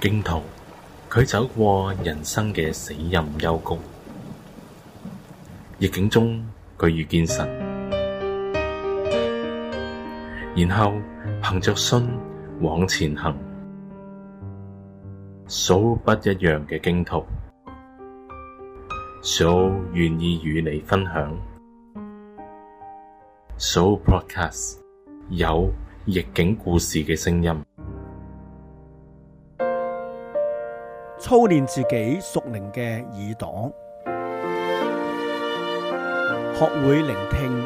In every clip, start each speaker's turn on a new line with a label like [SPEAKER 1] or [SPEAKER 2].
[SPEAKER 1] 荊徒,佢走過人生嘅死蔭幽谷。逆境中,佢遇見神。然後,操練自己屬靈嘅耳朵，學會聆聽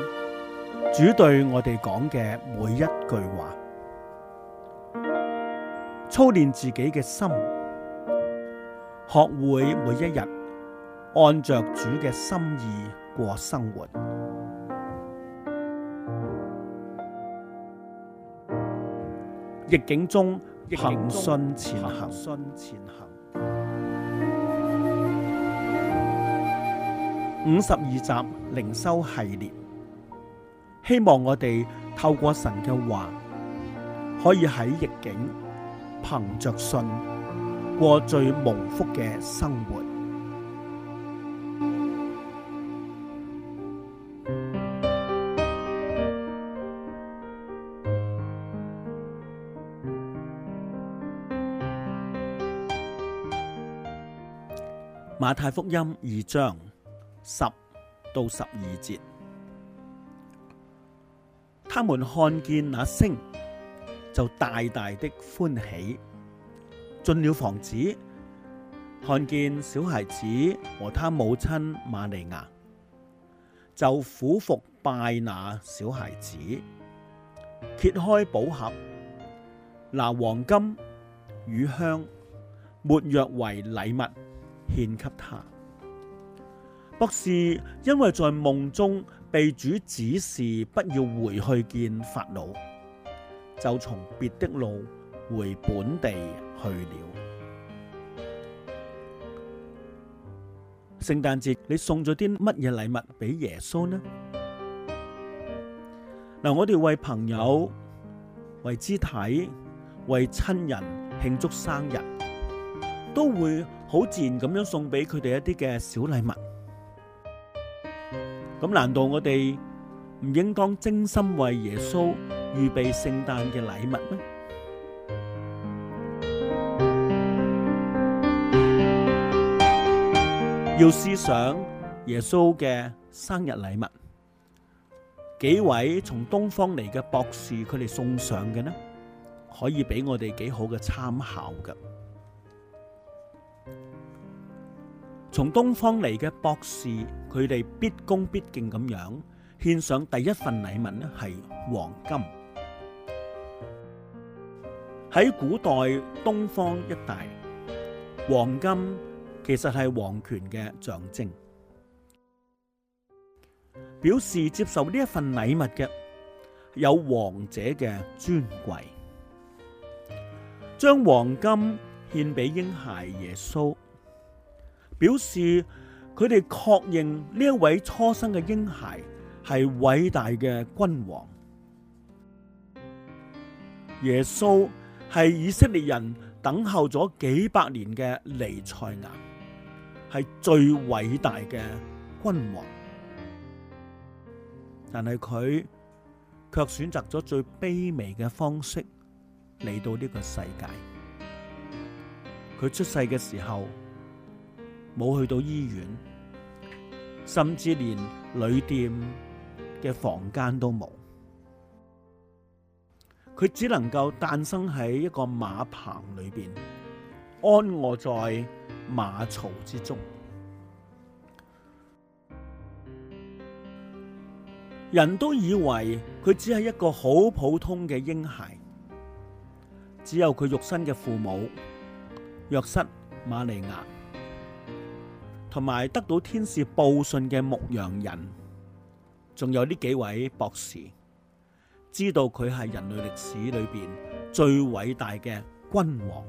[SPEAKER 1] 主對我哋講嘅每一句話。操練自己嘅心，學會每一日按着主嘅心意過生活。逆境中，憑信前行。五十二集靈修系列，希望我哋透過神嘅話，可以喺逆境，憑着信過最蒙福嘅生活。馬太福音二章。十到十二節，他們看見那星，就大大的歡喜。進了房子，看見小孩子和他母親瑪利亞，就俯伏拜那小孩子，揭開寶盒，拿黃金與香，沒藥為禮物獻給他。博士因為在夢中被主指示，不要回去見法老，就從別的路回本地去了。聖誕節你送咗啲乜嘢禮物俾耶穌呢？嗱，我哋為朋友、為肢體、為親人慶祝生日，都會好自然咁樣送俾佢哋一啲嘅小禮物。咁難道我哋唔應當精心為耶穌預備聖誕嘅禮物咩？要思想耶穌嘅生日禮物，幾位從東方嚟嘅博士佢哋送上嘅呢，可以俾我哋幾好嘅參考㗎。從東方嚟嘅博士，佢哋必恭必敬咁樣獻上第一份禮物咧，係黃金。喺古代東方一帶，黃金其實係皇權嘅象徵，表示接受呢一份禮物嘅有王者嘅尊貴。將黃金獻俾嬰孩耶穌。表示佢哋確認呢一位初生嘅嬰孩係偉大嘅君王，耶穌係以色列人等候咗幾百年嘅彌賽亞，係最偉大嘅君王。但係佢卻選擇咗最卑微嘅方式嚟到呢個世界。佢出世嘅時候。冇去到醫院，甚至連旅店嘅房間都冇。佢只能夠誕生喺一個馬棚裏邊，安卧在馬槽之中。人都以為佢只係一個好普通嘅嬰孩，只有佢肉身嘅父母，約瑟瑪利亞。同埋得到天使報信嘅牧羊人，仲有呢幾位博士，知道佢係人類歷史裏邊最偉大嘅君王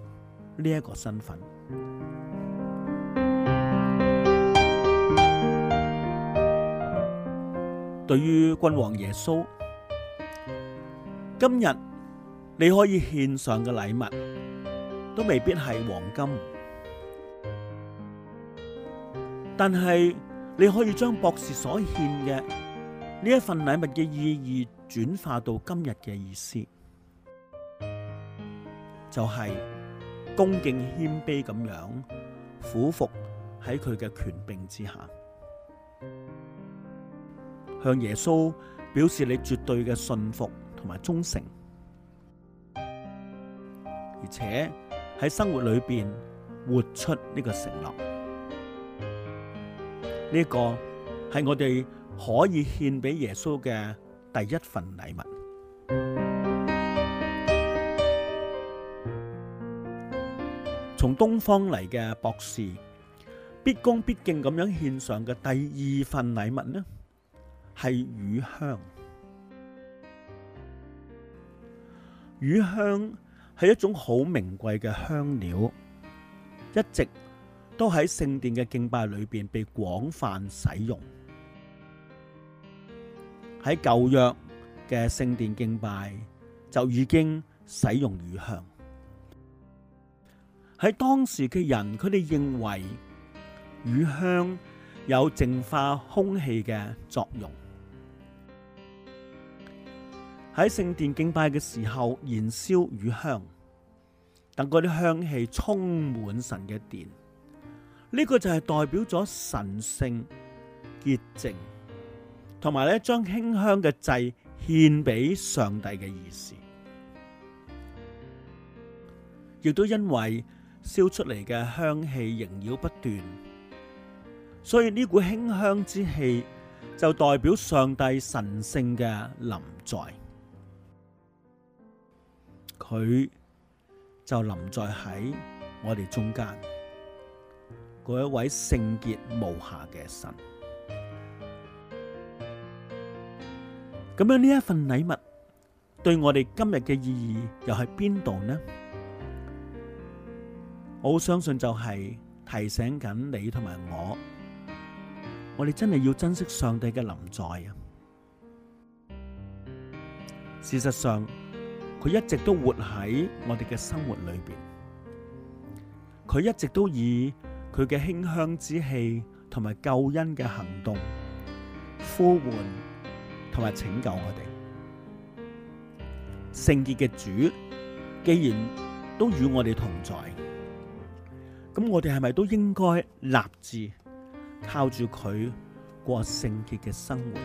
[SPEAKER 1] 呢一個身份。對於君王耶穌，今日你可以獻上嘅禮物，都未必係黃金。但係，你可以將博士所獻嘅呢一份禮物嘅意義轉化到今日嘅意思，就係恭敬謙卑咁樣，俯服喺佢嘅權柄之下，向耶穌表示你絕對嘅信服同埋忠誠，而且喺生活裏邊活出呢個承諾。呢個係我哋可以獻俾耶穌嘅第一份禮物。從東方嚟嘅博士，畢恭畢敬咁樣獻上嘅第二份禮物呢，係乳香。乳香係一種好名貴嘅香料，一直，都喺聖殿嘅敬拜裏邊被廣泛使用。喺舊約嘅聖殿敬拜就已經使用乳香。喺當時嘅人，佢哋認為乳香有淨化空氣嘅作用。喺聖殿敬拜嘅時候，燃燒乳香，等嗰啲香氣充滿神嘅殿。呢個就係代表咗神聖潔淨，同埋咧將馨香嘅祭獻俾上帝嘅意思，亦都因為燒出嚟嘅香氣縈繞不斷，所以呢股馨香之氣就代表上帝神聖嘅臨在，佢就臨在喺我哋中間。嗰一位聖潔無瑕嘅神，咁樣呢一份禮物對我哋今日嘅意義又係邊度呢？我相信就係提醒緊你同埋我，我哋真係要珍惜上帝嘅臨在啊！事實上，佢一直都活喺我哋嘅生活裏邊，佢一直都以。佢嘅馨香之氣同埋救恩嘅行動，呼喚同埋拯救我哋聖潔嘅主，既然都與我哋同在，咁我哋係咪都應該立志靠住佢過聖潔嘅生活？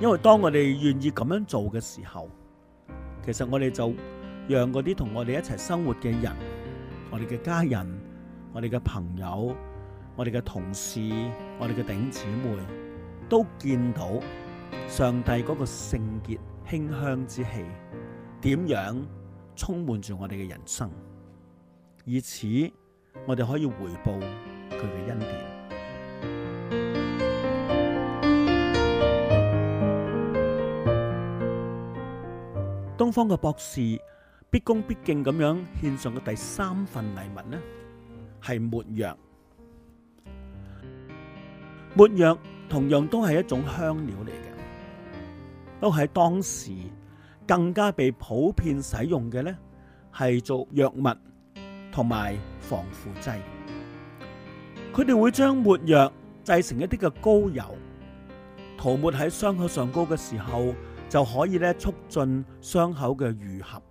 [SPEAKER 1] 因為當我哋願意咁樣做嘅時候，其實我哋就讓嗰啲同我哋一齊生活嘅人。我哋嘅家人、我哋嘅朋友、我哋嘅同事、我哋嘅頂姊妹，都見到上帝嗰個聖潔馨香之氣點樣充滿住我哋嘅人生，以此我哋可以回報佢嘅恩典。東方嘅博士。畢恭畢敬咁樣獻上嘅第三份禮物呢，係沒藥。沒藥同樣都係一種香料嚟嘅，都喺當時更加被普遍使用嘅呢，係做藥物同埋防腐劑。佢哋會將沒藥製成一啲嘅膏油，塗抹喺傷口上高嘅時候，就可以咧促進傷口嘅癒合。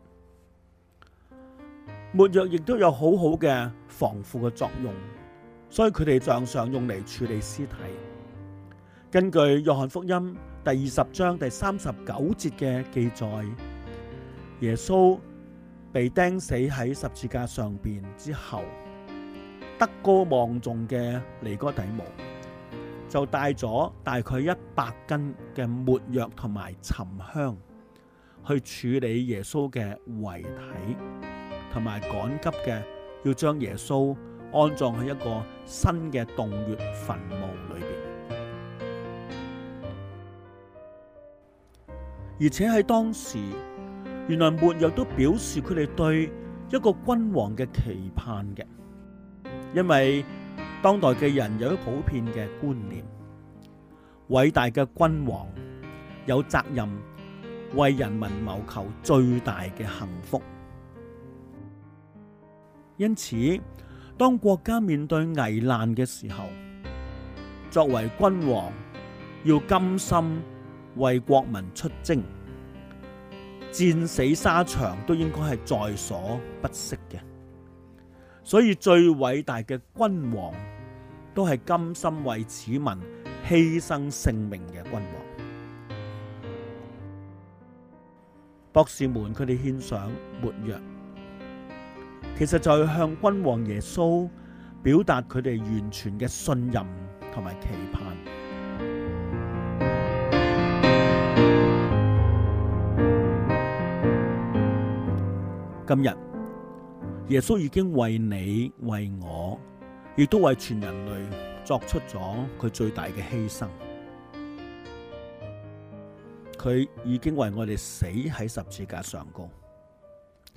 [SPEAKER 1] 抹藥亦都有好好嘅防腐嘅作用，所以佢哋常常用嚟處理屍體。根據約翰福音第二十章第三十九節嘅記載，耶穌被釘死喺十字架上邊之後，德高望重嘅尼哥底母就帶咗大概一百斤嘅沒藥同埋沉香去處理耶穌嘅遺體。同埋趕急嘅，要將耶穌安葬喺一個新嘅洞穴墳墓裏面。而且喺當時，原來沒藥都表示佢哋對一個君王嘅期盼嘅，因為當代嘅人有一普遍嘅觀念，偉大嘅君王有責任為人民謀求最大嘅幸福。因此，當國家面對危難嘅時候，作為君王要甘心為國民出征，戰死沙場都應該係在所不惜嘅。所以最偉大嘅君王，都係甘心為此民犧牲性命嘅君王。博士們，佢哋獻上沒藥。其實就係向君王耶穌表達佢哋完全嘅信任同埋期盼。今日耶穌已經為你、為我，亦都為全人類作出咗佢最大嘅犧牲。佢已經為我哋死喺十字架上高，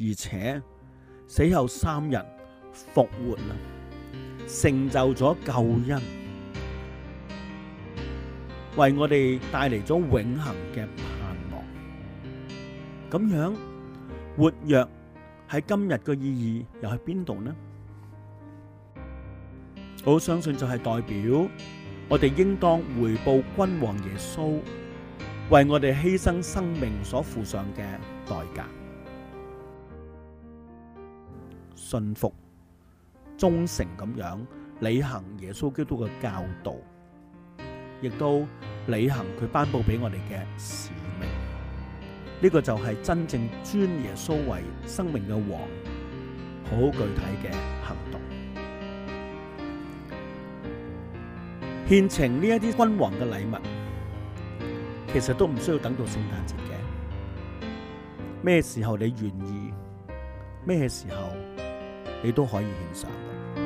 [SPEAKER 1] 而且……死後三日復活啦，成就咗救恩，為我哋帶嚟咗永恆嘅盼望。咁樣活躍喺今日嘅意義又喺邊度呢？我相信就係代表我哋應當回報君王耶穌為我哋犧牲生命所付上嘅代價。信服、忠誠咁樣履行耶穌基督嘅教導，亦都履行佢頒布俾我哋嘅使命。呢個就係真正尊耶穌為生命嘅王，好具體嘅行動。獻呈呢一啲君王嘅禮物，其實都唔需要等到聖誕節嘅，咩時候你願意，咩時候。你都可以獻上的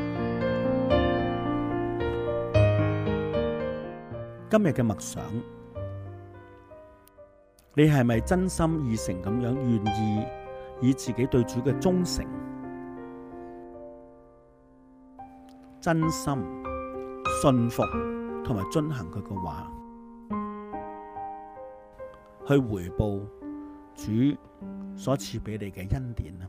[SPEAKER 1] 今日嘅默想，你係咪真心意誠咁樣願意以自己對主嘅忠誠、真心、信服同埋遵行佢嘅話，去回報主所賜俾你嘅恩典呢？